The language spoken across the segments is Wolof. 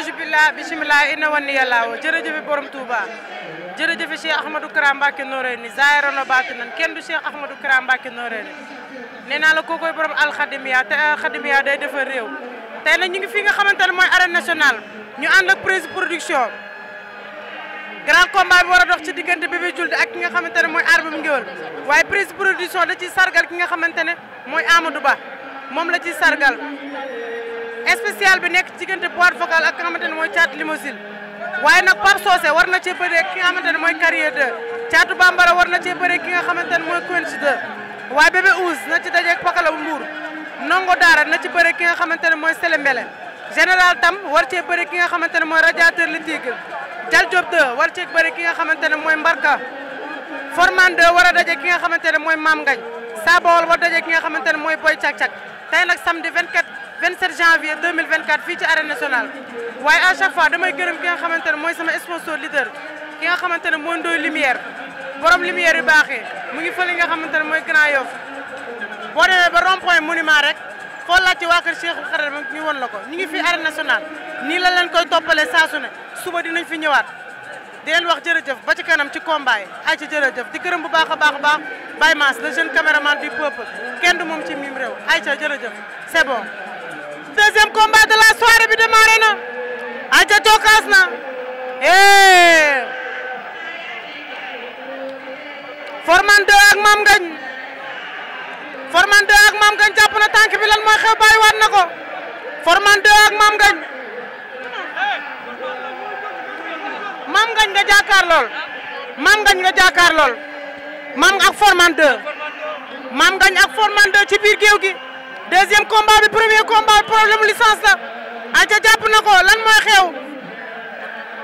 aousbillah bisimilah inna wa niya laawo jërëjëfe borom Touba jërëjëfe Cheikh Ahmadou Kara Mbacké Noreyni zaahirana baatinan kenn du Cheikh Ahmadou Kara Mbacké Noreyni nee naa la kookoy borom alxadimiya te alxadimiya euh, day defar réew tey nag ñu ngi fi nga xamante ne mooy arène national ñu ànd ak prise production grand combat bi war a dox ci diggante bi Bébé Diouldé ak ki nga xamante ne mooy Armé Ngéwél waaye prise production da ci sargal ki nga xamante ne mooy Amadou Ba moom la ci sargal officiel bi nekk ci diggante boîte vocale ak ki nga xamante ne mooy caatu limousine waaye nag Pape Socé war na cee bëree ki nga xamante mooy carrière 2 caatu bambara war na cee bëree ki nga xamante ne mooy Quench 2 waaye bébé Ouz na ci dajeeg pakala mbuur nongo daara na ci bëree ki nga xamante ne mooy selembele général tam war cee bëree ki nga xamante ne mooy radiateur li tigre Jal Diop 2 war cee bëree ki nga xamante ne mooy mbarka Forman war a daje ki nga xamante ne mooy maam ngañ Sabawal war daje ki nga xamante ne mooy boy cak-cak tay nak samedi 24 27 janvier 2024 fi ci arena nationale way à chaque fois damay gërëm ki nga xamantene moy sama sponsor leader ki nga xamantene moy ndoy Lumière borom lumière yu baxé mu ngi fële nga xamantene moy Grand yof bo demee ba rond point monument rek fo la ci kër Cheikh Xarala ñu won la ko ñu ngi fi arena nationale ni la leen koy topalé sa suné suba dinañ fi ñëwaat. di leen wax jërëjëf ba ci kanam ci combat ay ci jërëjëf di gërëm bu baax a baax a baax Baye Mass le jeune caméraman du peuple kenn du moom ci mim ay ca jërëjëf c'est bon. deuxième combat de la soirée bi démarré na ay ca cokkaas na Forman Forman 2 ak Mame Ngagne jàpp na tànk bi lan mooy xew bàyyiwaat na ko Forman 2 ak Mame Ngagne maam ngañ nga jàkkaar lool maam ngañ nga jàkkaar lool maam ak Forman maam ngañ ak Forman ci biir géew gi deuxième combat bi premier combat bi problème licence la ayca jàpp na ko lan mooy xew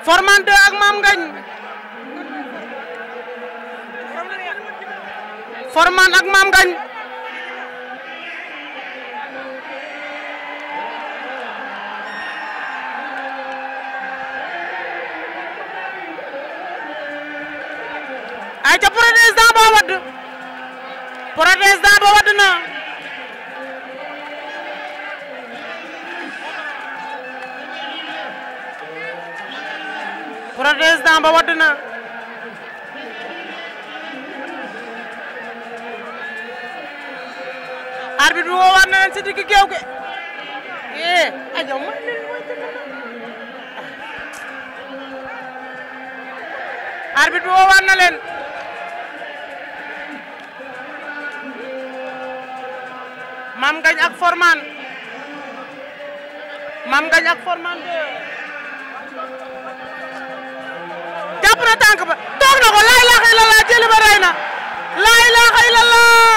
Forman ak maam ngañ Forman ak maam ngañ aca protestant ba wadd protestant ba wadd na protestant ba wadd na arbitre bi woowaat leen ci digg géew gi eh ajaw ma leen mooy na leen Mame Ngagne ak Formane Mame Ngagne ak Formane de jàpp na tànk ba toog na ko laa ilaaha illallah jëli ba rey na laa ilaaha illallah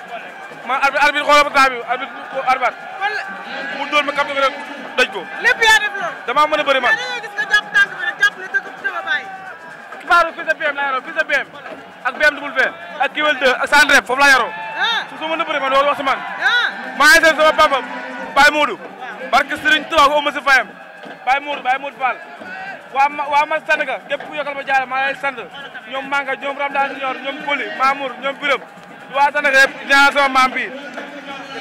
ma arbitre xoolal ma temps mu dóor ma kàddu gi daj ko. lépp yaa def mën a bëri man. mais gis nga jàpp tànk bi rek jàpp na dëgg bu ak BMW ak Kiwel ak Sandrep foofu laa yaroo. Ah. su soo mën a bëri man loolu wax man. Ah. maa ngi seet sama papa Baye Modou. barke Serigne Touba ko ëmb si fayam Baye Modou Baye waa ma waa ma sant nga képp ku yokkal ma jaare maa lay sant ñoom Manga ñoom Ramdan Junior waa Sandaga yëpp dinaa sama maam bi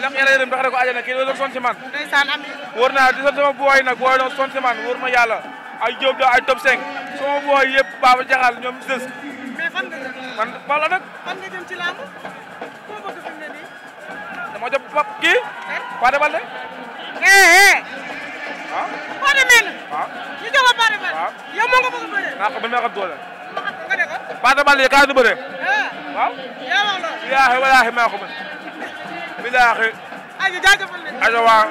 lépp yàlla yërëm doxale ko àjjana kii dafa sonn si man. ndeysaan naa di sonn sama booy nag booy doon sonn si man wóor ma yàlla ay Diop do ay top 5 sama booy yëpp Baba Jaxal ñoom des. mais fan man fan la ne nii. dama jëm pap kii. Eh? Pathé Baldé. Eh, eh, ah. Pathé mel. waaw ah? ñu jox ko ah? moo nga bëgg ko ba ma xam doole. nga ne kaa di bëree. Ah? waaw. billaahi walaahi maa ko mën billaahi. aywa jaajëfal nañu. aywa waaw.